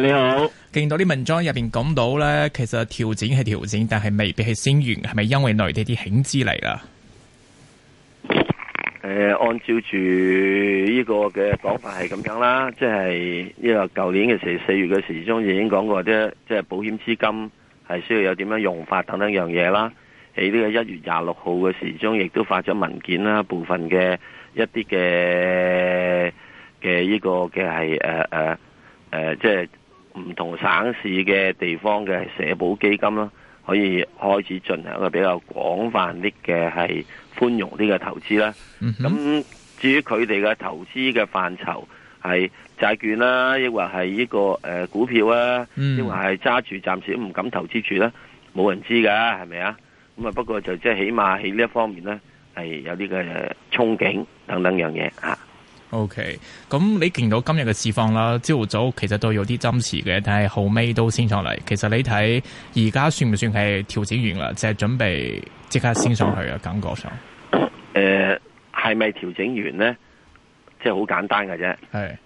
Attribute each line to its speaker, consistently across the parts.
Speaker 1: 你好，見到啲文章入邊講到咧，其實調整係調整，但係未必係先源。係咪因為內地啲險資嚟啦？
Speaker 2: 誒、呃，按照住呢個嘅講法係咁樣啦，即係呢、這個舊年嘅時四月嘅時鐘已經講過啫，即係保險資金係需要有點樣用法等等樣嘢啦。喺呢個一月廿六號嘅時鐘亦都發咗文件啦，部分嘅一啲嘅嘅呢個嘅係誒誒誒，即係。唔同省市嘅地方嘅社保基金啦，可以開始進行一個比較廣泛啲嘅係寬容啲嘅投資啦。咁、嗯、哼至於佢哋嘅投資嘅範疇係債券啦，抑或係呢個誒股票啊，抑或係揸住暫時唔敢投資住啦，冇人知噶係咪啊？咁啊，不過就即係起碼喺呢一方面咧，係有啲嘅憧憬等等樣嘢吓
Speaker 1: O K，咁你見到今日嘅市況啦，朝早其實都有啲爭持嘅，但係後尾都升上嚟。其實你睇而家算唔算係調整完啦？即係準備即刻升上去嘅感覺上，
Speaker 2: 誒、呃，係咪調整完咧？即係好簡單嘅啫，係的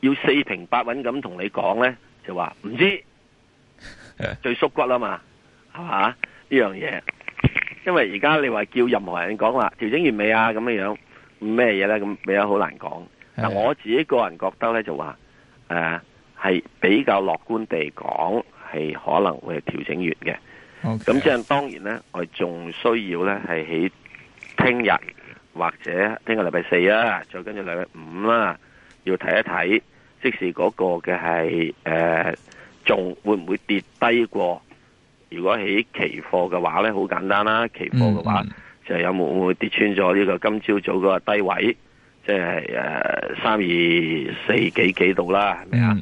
Speaker 2: 要四平八穩咁同你講咧，就話唔知的最縮骨啦嘛，係嘛呢樣嘢？因為而家你話叫任何人講話調整完未啊？咁樣。樣。咩嘢咧？咁比較好難講。嗱，我自己個人覺得咧，就話誒，係、呃、比較樂觀地講，係可能會係調整完嘅。咁即係當然咧，我哋仲需要咧係喺聽日或者聽個禮拜四啦、啊、再跟住禮拜五啦、啊，要睇一睇，即是嗰個嘅係誒，仲會唔會跌低過？如果喺期貨嘅話咧，好簡單啦、啊，期貨嘅話。嗯嗯就有冇會跌穿咗呢個今朝早嗰個低位，即係誒三二四幾幾度啦，係咪、mm. 啊？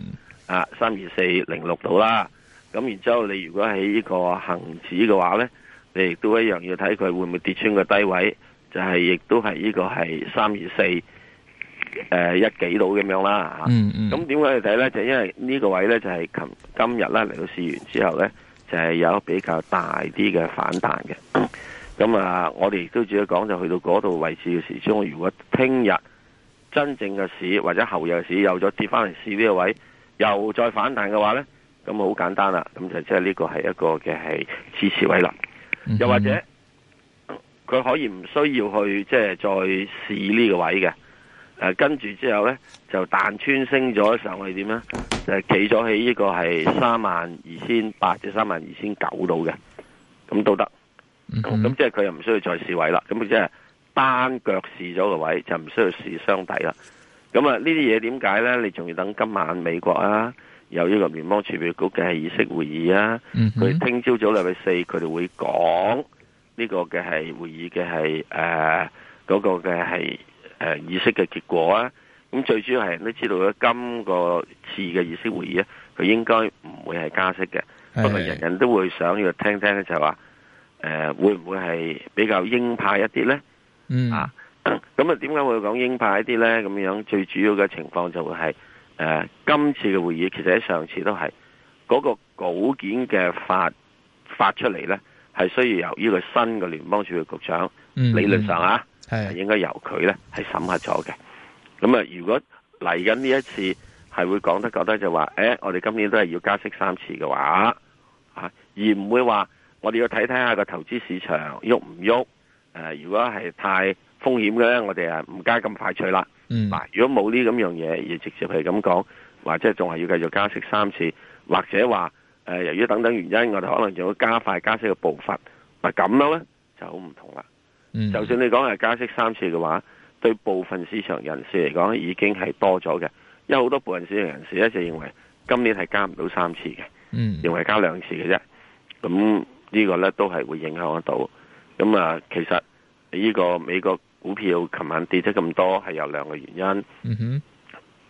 Speaker 2: 啊三二四零六度啦。咁然之後，你如果喺呢個恒指嘅話咧，你亦都一樣要睇佢會唔會跌穿個低位，就係、是、亦都係呢個係三二四誒一幾度咁樣啦。咁點解要睇咧？就是、因為呢個位咧就係琴今日啦嚟到試完之後咧，就係、是、有一比較大啲嘅反彈嘅。咁啊，我哋亦都主要講就去到嗰度位置嘅時鐘。如果聽日真正嘅市或者後日市有咗跌翻嚟試呢個位，又再反彈嘅話咧，咁好簡單啦。咁就即係呢個係一個嘅係支持位啦。嗯、又或者佢可以唔需要去即係再試呢個位嘅。誒、啊，跟住之後咧就彈穿升咗上去點就係企咗喺呢個係三萬二千八至三萬二千九度嘅，咁都得。咁、嗯、即係佢又唔需要再試位啦，咁佢即係單腳試咗個位就唔需要試雙底啦。咁啊呢啲嘢點解咧？你仲要等今晚美國啊有呢個聯邦儲備局嘅議息會議啊。佢聽朝早禮拜四佢哋會講呢個嘅係會議嘅係誒嗰個嘅係誒議息嘅結果啊。咁最主要係人都知道咧，今個次嘅議息會議啊，佢應該唔會係加息嘅。是是不過人人都會想要聽聽咧就係話。誒、呃，會唔會係比較鷹派一啲咧？嗯啊，咁啊，點解會講鷹派一啲咧？咁樣最主要嘅情況就會、是、係，誒、呃，今次嘅會議其實喺上次都係嗰、那個稿件嘅發發出嚟咧，係需要由呢個新嘅聯邦儲備局長、嗯、理論上啊，係、嗯、應該由佢咧係審核咗嘅。咁啊，如果嚟緊呢一次係會講得咁多就話誒、欸，我哋今年都係要加息三次嘅話啊，而唔會話。我哋要睇睇下個投資市場喐唔喐？誒、呃，如果係太風險嘅咧，我哋啊唔加咁快脆啦。嗱、嗯，如果冇呢咁樣嘢，要直接係咁講，或者仲係要繼續加息三次，或者話誒、呃、由於等等原因，我哋可能仲要加快加息嘅步伐。嗱咁樣咧就好唔同啦。嗯、就算你講係加息三次嘅話，對部分市場人士嚟講已經係多咗嘅，因為好多部分市場人士咧就認為今年係加唔到三次嘅，嗯、認為加兩次嘅啫。咁、嗯這個呢個咧都係會影響得到，咁、嗯、啊，其實呢個美國股票琴晚跌咗咁多，係有兩個原因，嗯、哼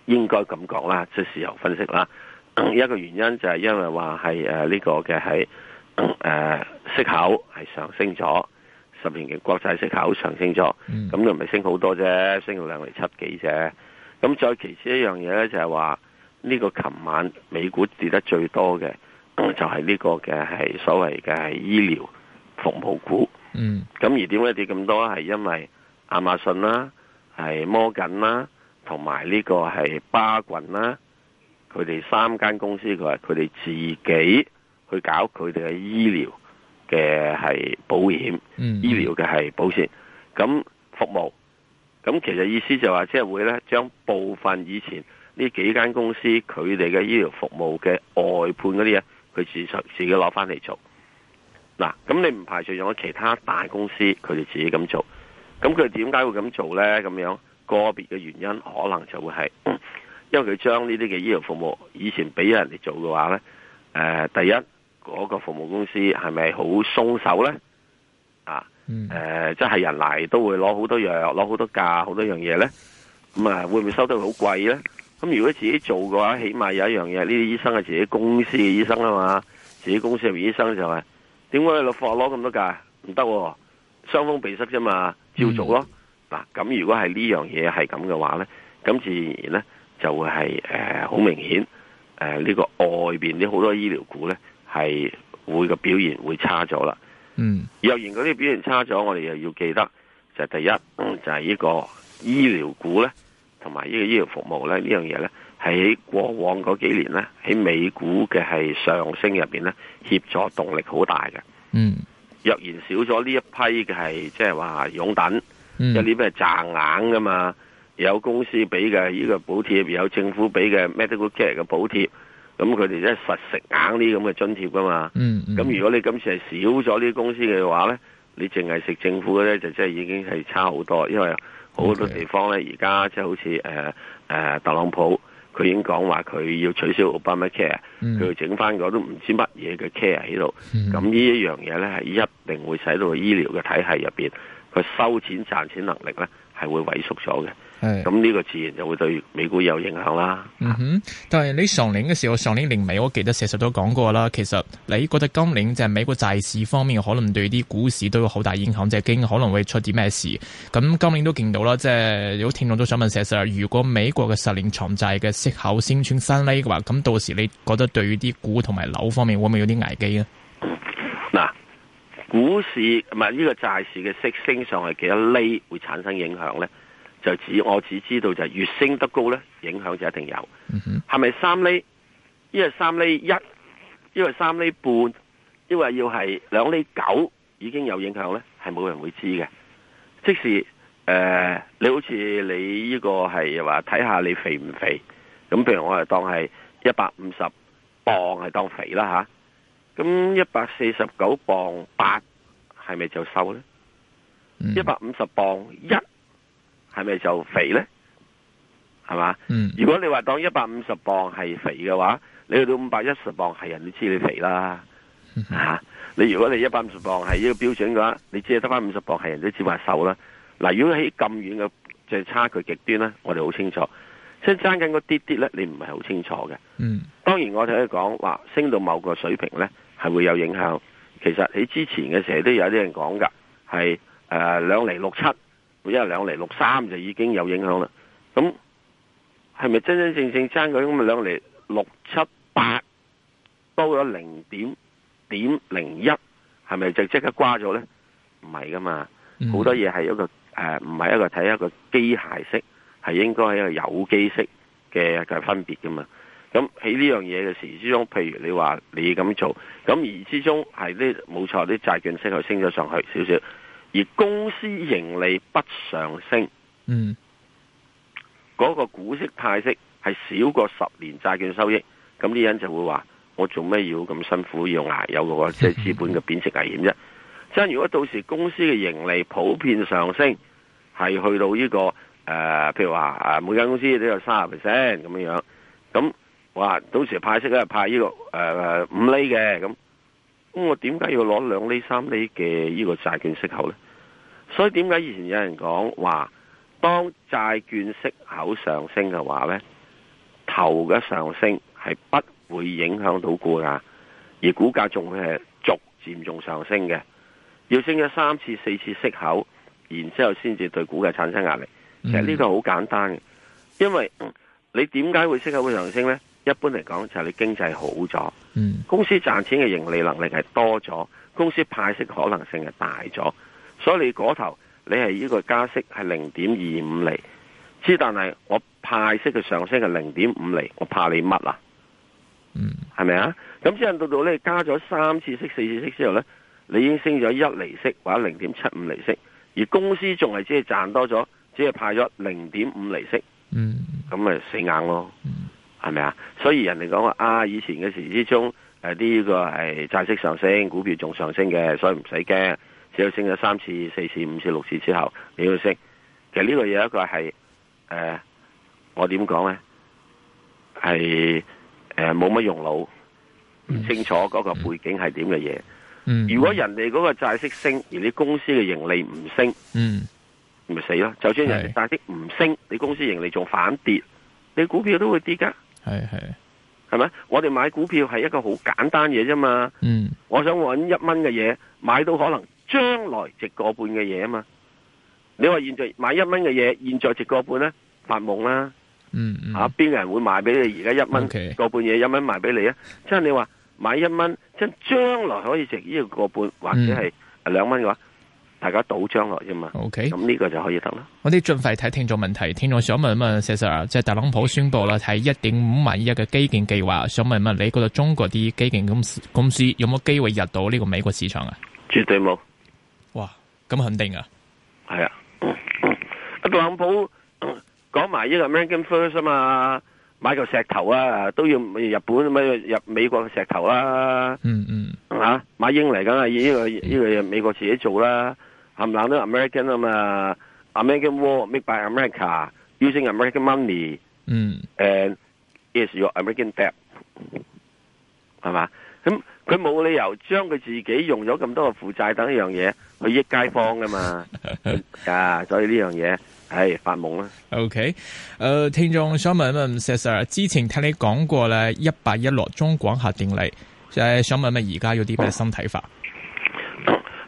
Speaker 2: 應該咁講啦，即係事後分析啦。一個原因就係因為話係誒呢個嘅係誒息口係上升咗，十年嘅國債息口上升咗，咁又唔係升好多啫，升到兩厘七幾啫。咁再其次一樣嘢咧就係話呢個琴晚美股跌得最多嘅。就係呢個嘅，係所謂嘅係醫療服務股，嗯，咁而點解跌咁多係因為亞馬遜啦，係摩根啦，同埋呢個係巴郡啦，佢哋三間公司佢話佢哋自己去搞佢哋嘅醫療嘅係保險，嗯，醫療嘅係保險，咁服務，咁其實意思就係話即係會咧將部分以前呢幾間公司佢哋嘅醫療服務嘅外判嗰啲嘢。佢自己自己攞翻嚟做，嗱，咁你唔排除有其他大公司佢哋自己咁做，咁佢點解會咁做呢？咁樣個別嘅原因可能就會係，因為佢將呢啲嘅醫療服務以前俾咗人哋做嘅話呢。誒、呃，第一嗰、那個服務公司係咪好鬆手呢？啊，誒、呃，即、就、係、是、人嚟都會攞好多藥、攞好多價、好多樣嘢呢。咁啊，會唔會收得好貴呢？咁如果自己做嘅話，起碼有一樣嘢，呢啲醫生係自己公司嘅醫生啊嘛，自己公司入面的醫生就係、是，點解你落貨攞咁多價？唔得、哦，雙方鼻塞啫嘛，照做咯。嗱、嗯，咁、啊、如果係呢樣嘢係咁嘅話咧，咁自然咧就會係誒好明顯誒呢個外邊啲好多醫療股咧係會個表現會差咗啦。嗯，若然嗰啲表現差咗，我哋又要記得就是、第一、嗯、就係、是、呢個醫療股咧。同埋呢個醫療服務咧，這個、呢樣嘢咧，喺過往嗰幾年咧，喺美股嘅係上升入邊咧，協助動力好大嘅。嗯，若然少咗呢一批嘅係即係話擁躉，有啲咩賺硬噶嘛？有公司俾嘅呢個補貼，有政府俾嘅 medical care 嘅補貼，咁佢哋即係實食硬啲咁嘅津貼噶嘛。嗯，咁如果你今次係少咗呢啲公司嘅話咧，你淨係食政府嘅咧，就真係已經係差好多，因為好多地方咧，而家即係好似誒、呃、特朗普，佢已經講話佢要取消 Obamacare，佢要整翻個都唔知乜嘢嘅 care 喺度，咁、mm. 呢一樣嘢咧，係一定會使到醫療嘅體系入面，佢收錢賺錢能力咧係會萎縮咗嘅。咁呢個自然就會對美股有影響啦。嗯
Speaker 1: 哼，但係你上年嘅時候，上年年尾我記得石實都講過啦。其實你覺得今年即係美國債市方面，可能對啲股市都有好大影響，即係驚可能會出啲咩事。咁今年都見到啦，即係有聽眾都想問石實，如果美國嘅十年長債嘅息口先穿三厘嘅話，咁到時你覺得對於啲股同埋樓方面會唔會有啲危機啊？
Speaker 2: 嗱，股市唔係呢個債市嘅息升上去幾多厘會產生影響咧？就只我只知道就係越升得高咧，影響就一定有。係咪三厘？因為三厘一，因為三厘半，因為要係兩厘九已經有影響咧，係冇人會知嘅。即使誒、呃、你好似你呢個係話睇下你肥唔肥咁，譬如我係當係一百五十磅係當肥啦吓，咁一百四十九磅八係咪就瘦咧？一百五十磅一，係咪就肥咧？係嘛？嗯。如果你話當一百五十磅係肥嘅話，你去到五百一十磅係人都知你肥啦。嗯、啊！你如果你一百五十磅係呢個標準嘅話，你只係得翻五十磅係人都知話瘦啦。嗱、啊，如果喺咁遠嘅即係差距極端咧，我哋好清楚。即係爭緊個啲啲咧，你唔係好清楚嘅。嗯。當然我哋可以講話升到某個水平咧，係會有影響。其實喺之前嘅時候都有啲人講噶，係誒兩厘六七。呃一日兩厘六三就已經有影響啦，咁係咪真真正正爭佢咁兩厘六七八多咗零點點零一，係咪就即刻瓜咗咧？唔係噶嘛，好、嗯、多嘢係一個誒，唔、呃、係一個睇一個機械式，係應該係一個有機式嘅嘅分別噶嘛。咁喺呢樣嘢嘅時之中，譬如你話你咁做，咁而之中係啲冇錯啲債券息去升咗上去少少。而公司盈利不上升，嗯，嗰個股息派息係少過十年債券收益，咁啲人就會話：我做咩要咁辛苦要挨？有個即係資本嘅貶值危險啫。即係、嗯、如果到時公司嘅盈利普遍上升，係去到呢、這個誒、呃，譬如話誒每間公司都有三十 percent 咁樣樣，咁話到時派息咧，派呢、這個誒五、呃、釐嘅咁。咁我點解要攞兩厘三厘嘅呢個債券息口呢？所以點解以前有人講話，當債券息口上升嘅話，呢頭嘅上升係不會影響到股價，而股價仲會係逐漸仲上升嘅。要升咗三次四次息口，然之後先至對股價產生壓力。其實呢個好簡單嘅，因為你點解會息口會上升呢？一般嚟講，就係你經濟好咗，嗯，公司賺錢嘅盈利能力係多咗，公司派息可能性係大咗，所以你嗰頭你係呢個加息係零點二五厘，之但係我派息嘅上升係零點五厘，我怕你乜啊？嗯，係咪啊？咁之後到到咧加咗三次息四次息之後咧，你已經升咗一厘息或者零點七五厘息，而公司仲係只係賺多咗，只係派咗零點五厘息，嗯，咁咪死硬咯。嗯係咪啊？所以人哋講話啊，以前嘅時之中，誒、啊，呢、這個係債息上升，股票仲上升嘅，所以唔使驚。只要升咗三次、四次、五次、六次之後，你要升。其實呢個有一個係誒、啊，我點講咧？係誒，冇、啊、乜用腦，唔、嗯、清楚嗰個背景係點嘅嘢。嗯、如果人哋嗰個債息升，而你公司嘅盈利唔升，嗯，咪死咯。就算人哋債息唔升，是你公司盈利仲反跌，你股票都會跌㗎。係係，係咪？我哋買股票係一個好簡單嘢啫嘛。嗯，我想揾一蚊嘅嘢，買到可能將來值個半嘅嘢啊嘛。你話現在買一蚊嘅嘢，現在值個半咧？發夢啦。嗯。嗯嗯，吓邊個人會賣俾你而家一蚊個半嘢 okay. 一蚊賣俾你啊？即係你話買一蚊，即係將來可以值呢個半或者係兩蚊嘅話？嗯大家賭將來啫嘛，OK，咁呢個就可以得
Speaker 1: 啦。我哋盡快睇聽眾問題。聽眾想問啊 Sarah 即係特朗普宣布啦，睇一點五萬億嘅基建計劃。想問啊，你覺得中國啲基建公司公司有冇機會入到呢個美國市場啊？絕對冇。哇，咁肯定啊，係
Speaker 2: 啊。特朗普講埋呢個 m a g a n First 啊嘛，買個石頭啊都要日本咩入美國嘅石頭啦。嗯嗯，啊買英嚟梗啊，呢、這個呢、這個美國自己做啦。係咪？嗱，呢 American 啊嘛，American war made by America，using American money，嗯，and it is your American debt，係嘛？咁佢冇理由將佢自己用咗咁多嘅負債等一樣嘢去益街坊噶嘛？啊，所以呢樣嘢係發夢啦。
Speaker 1: OK，誒，聽眾想問一問 Sir，之前聽你講過咧一八一六中廣核電力，誒，想問一問？而家有啲咩新睇法？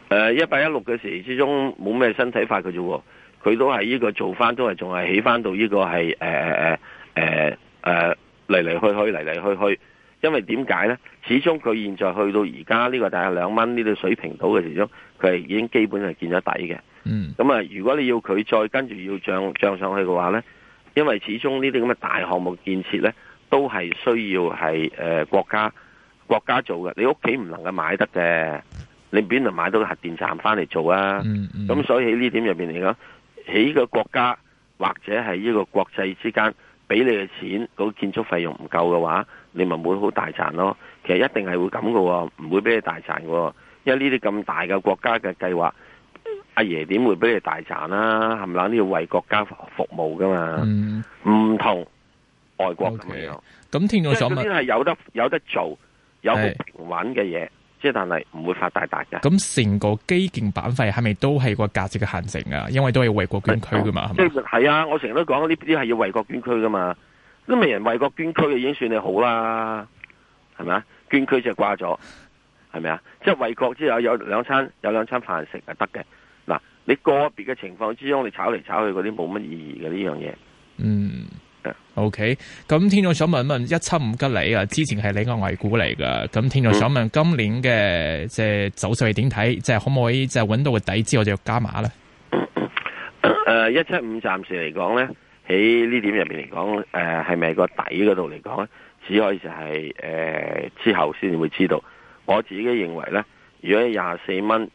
Speaker 2: 誒，一八一六嘅時，始終冇咩新睇法嘅啫，佢都係呢個做翻，都係仲係起翻到呢個係誒誒誒誒嚟嚟去去嚟嚟去去，因為點解咧？始終佢現在去到而家呢個大約兩蚊呢啲水平度嘅時中，佢係已經基本係見咗底嘅。嗯，咁啊，如果你要佢再跟住要漲漲上去嘅話咧，因為始終呢啲咁嘅大項目建設咧，都係需要係誒、呃、國家國家做嘅，你屋企唔能夠買得嘅。你邊度買到核電站翻嚟做啊？咁、嗯嗯、所以喺呢點入邊嚟講，喺個國家或者係呢個國際之間俾你嘅錢嗰、那個建築費用唔夠嘅話，你咪會好大賺咯。其實一定係會咁嘅、哦，唔會俾你大賺嘅、哦。因為呢啲咁大嘅國家嘅計劃，阿爺點會俾你大賺啦？係咪啊？你要為國家服務噶嘛？唔、嗯、同外國咁樣，聽我所問先係有得有得做有個平穩嘅嘢。即係，但係唔會發大財嘅。咁
Speaker 1: 成個基建板塊係咪都係個價值嘅陷阱啊？因為都，為，啊、都要為國捐軀噶嘛，係
Speaker 2: 咪？係啊，我成日都講呢啲係要為國捐軀噶嘛。都未人為國捐軀已經算你好啦，係咪啊？捐軀就掛咗，係咪啊？即、就、係、是、為國之後有兩餐有兩餐飯食啊，得嘅嗱。你個別嘅情況之中，你炒嚟炒去嗰啲冇乜意義嘅呢樣嘢。嗯。
Speaker 1: O K，咁聽眾想問一七五吉利啊，之前係你個危股嚟噶，咁聽眾想問今年嘅即係走勢點睇，即、就、係、是、可唔可以即係搵到個底之後就要加碼咧？
Speaker 2: 誒、呃，一七五暫時嚟講咧，喺呢點入面嚟講，誒係咪個底嗰度嚟講咧？只可以就係、是、誒、呃、之後先會知道。我自己認為咧，如果廿四蚊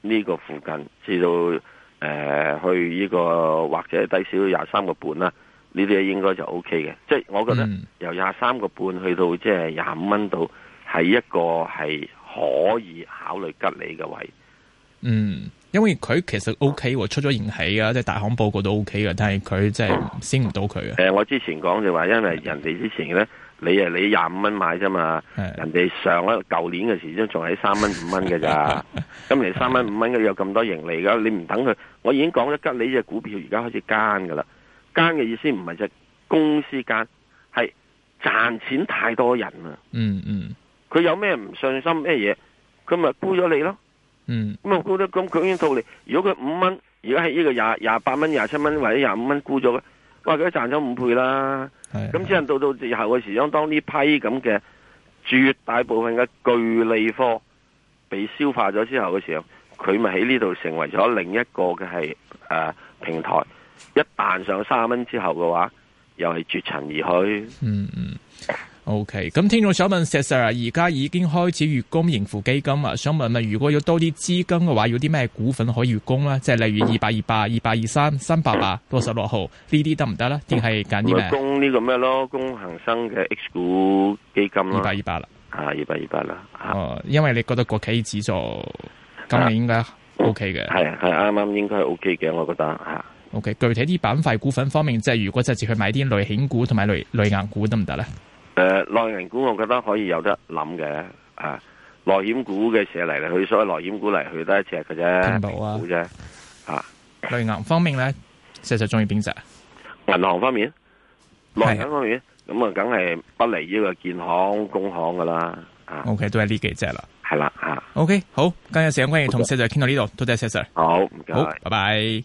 Speaker 2: 呢個附近至到誒、呃、去呢、這個或者低少少廿三個半啦。呢啲嘢應該就 O K 嘅，即係我覺得由廿三個半去到即係廿五蚊度，係、嗯、一個係可以考慮吉利嘅位。嗯，
Speaker 1: 因為佢其實 O K 喎，哦、出咗盈喜啊，即、就、係、是、大行報告都 O K 嘅，但係佢即係升唔到佢
Speaker 2: 嘅、嗯呃。我之前講就話，因為人哋之前咧，你係你廿五蚊買啫嘛，是人哋上一舊年嘅時都仲喺三蚊五蚊嘅咋，今年三蚊五蚊嘅有咁多盈利噶，你唔等佢，我已經講咗吉利隻股票而家開始奸噶啦。間嘅意思唔係就係，公司間係賺錢太多人啦、嗯。嗯嗯，佢有咩唔信心咩嘢，佢咪沽咗你咯。嗯，咁啊沽咗咁強遠套嚟。如果佢五蚊，如果係呢個廿廿八蚊，廿七蚊或者廿五蚊沽咗嘅，哇佢都賺咗五倍啦。係咁，啊，只能到到以後嘅時候，當當呢批咁嘅絕大部分嘅巨利貨，被消化咗之後嘅時候，佢咪喺呢度成為咗另一個嘅係誒平台。一旦上三蚊之後嘅話，又係絕塵而去。嗯
Speaker 1: 嗯，O K。咁，okay, 聽眾想問石 Sir，而家已經開始月供盈富基金啊，想問咪如果要多啲資金嘅話，要啲咩股份可以月供咧？即係例如二百二百，嗯、二百二三、三百八六十六號呢啲得唔得咧？定係揀啲咩？月
Speaker 2: 供呢個咩咯？供恆生嘅 H 股基金二百二百啦，啊，二百二百啦。哦，
Speaker 1: 因為你覺得國企指數咁，你應該 O K 嘅。係
Speaker 2: 係啱啱應該係 O K 嘅，我覺得啊。
Speaker 1: OK，具體啲板塊股份方面，即係如果就係只去買啲內險股同埋內內銀股行不行，得唔得
Speaker 2: 咧？誒，內銀股我覺得可以有得諗嘅啊。內險股嘅社嚟咧，佢所謂內險股嚟，佢得一隻嘅啫，平保啊，啫啊。
Speaker 1: 內銀方面咧，Sir Sir 中意邊隻？
Speaker 2: 銀行方面，
Speaker 1: 內銀
Speaker 2: 方面咁啊，梗係不離呢個建行、工行噶啦啊。
Speaker 1: OK，都係呢幾隻啦，係啦啊。OK，好，今日時間關係，同 Sir Sir 傾到呢度，多謝 Sir Sir，好唔該，拜拜。